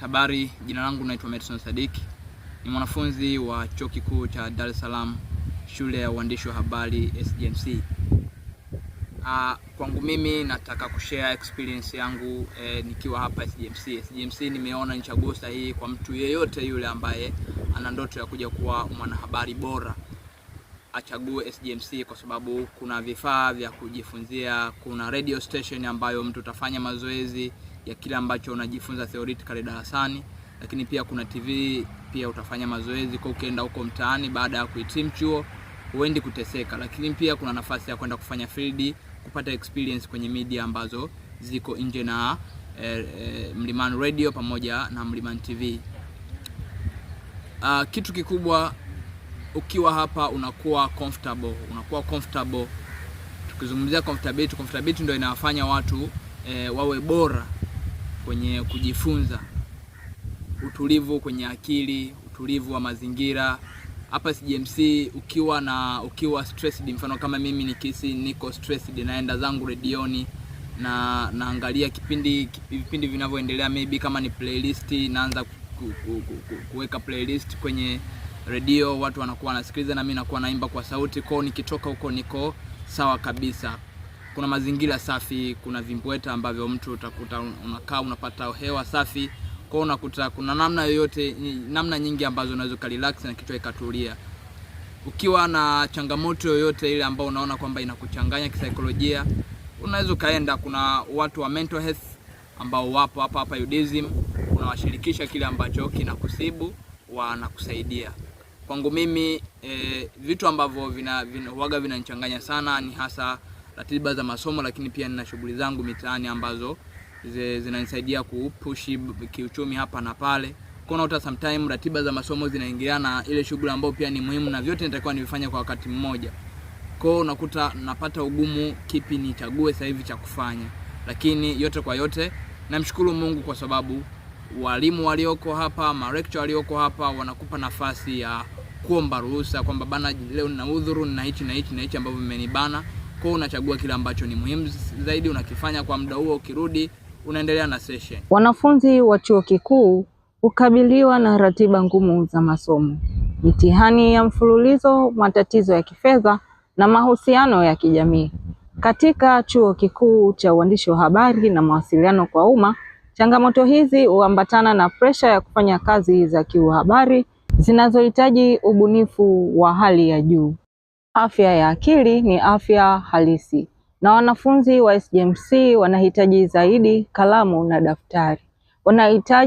Habari, jina langu naitwa Madison Sadik, ni mwanafunzi wa chuo kikuu cha Dar es Salaam, shule ya uandishi wa habari SGMC. Ah, kwangu mimi nataka kushare experience yangu eh, nikiwa hapa SGMC. SGMC nimeona ni chaguo sahihi kwa mtu yeyote yule ambaye ana ndoto ya kuja kuwa mwanahabari bora achague SGMC kwa sababu kuna vifaa vya kujifunzia, kuna radio station ambayo mtu utafanya mazoezi ya kile ambacho unajifunza theoretically darasani, lakini pia kuna TV pia utafanya mazoezi kwa ukienda huko mtaani baada ya kuhitimu chuo huendi kuteseka, lakini pia kuna nafasi ya kwenda kufanya field kupata experience kwenye media ambazo ziko nje na e, e, Mlimani Radio pamoja na Mlimani TV. Uh, ah, kitu kikubwa ukiwa hapa unakuwa comfortable, unakuwa comfortable. Tukizungumzia comfortability, comfortability ndio inawafanya watu e, wawe bora kwenye kujifunza, utulivu kwenye akili, utulivu wa mazingira. Hapa CGMC ukiwa na ukiwa stressed, mfano kama mimi nikisi niko stressed, naenda zangu redioni na naangalia kipindi vipindi vinavyoendelea, maybe kama ni playlist, naanza kuweka playlist kwenye redio, watu wanakuwa wanasikiliza na mimi nakuwa naimba kwa sauti kwao, nikitoka huko niko sawa kabisa kuna mazingira safi, kuna vimbweta ambavyo mtu utakuta unakaa unapata hewa safi kwao, unakuta kuna namna yoyote, namna nyingi ambazo unaweza ukarelax na kichwa ikatulia. Ukiwa na changamoto yoyote ile ambayo unaona kwamba inakuchanganya kisaikolojia, unaweza ukaenda, kuna watu wa mental health ambao wapo hapa hapa UDSM, unawashirikisha kile ambacho kinakusibu, wanakusaidia. Kwangu mimi e, vitu ambavyo vina, vina, huaga vinanichanganya sana ni hasa ratiba za masomo, lakini pia nina shughuli zangu mitaani ambazo zinanisaidia kupush kiuchumi hapa na pale. Kuna hata sometime ratiba za masomo zinaingiliana na ile shughuli ambayo pia ni muhimu, na vyote nitakuwa nivifanya kwa wakati mmoja. Kwa hiyo unakuta napata ugumu kipi nichague sasa hivi cha kufanya, lakini yote kwa yote namshukuru Mungu kwa sababu walimu walioko hapa, marekcho walioko hapa wanakupa nafasi ya kuomba ruhusa kwamba bana, leo nina udhuru na hichi na hichi na hichi ambavyo vimenibana kwao unachagua kile ambacho ni muhimu zaidi, unakifanya kwa muda huo, ukirudi unaendelea na session. Wanafunzi wa chuo kikuu hukabiliwa na ratiba ngumu za masomo, mitihani ya mfululizo, matatizo ya kifedha na mahusiano ya kijamii. Katika Chuo Kikuu cha Uandishi wa Habari na Mawasiliano kwa Umma, changamoto hizi huambatana na presha ya kufanya kazi za kiuhabari zinazohitaji ubunifu wa hali ya juu afya ya akili ni afya halisi, na wanafunzi wa sgmc wanahitaji zaidi kalamu na daftari, wanahitaji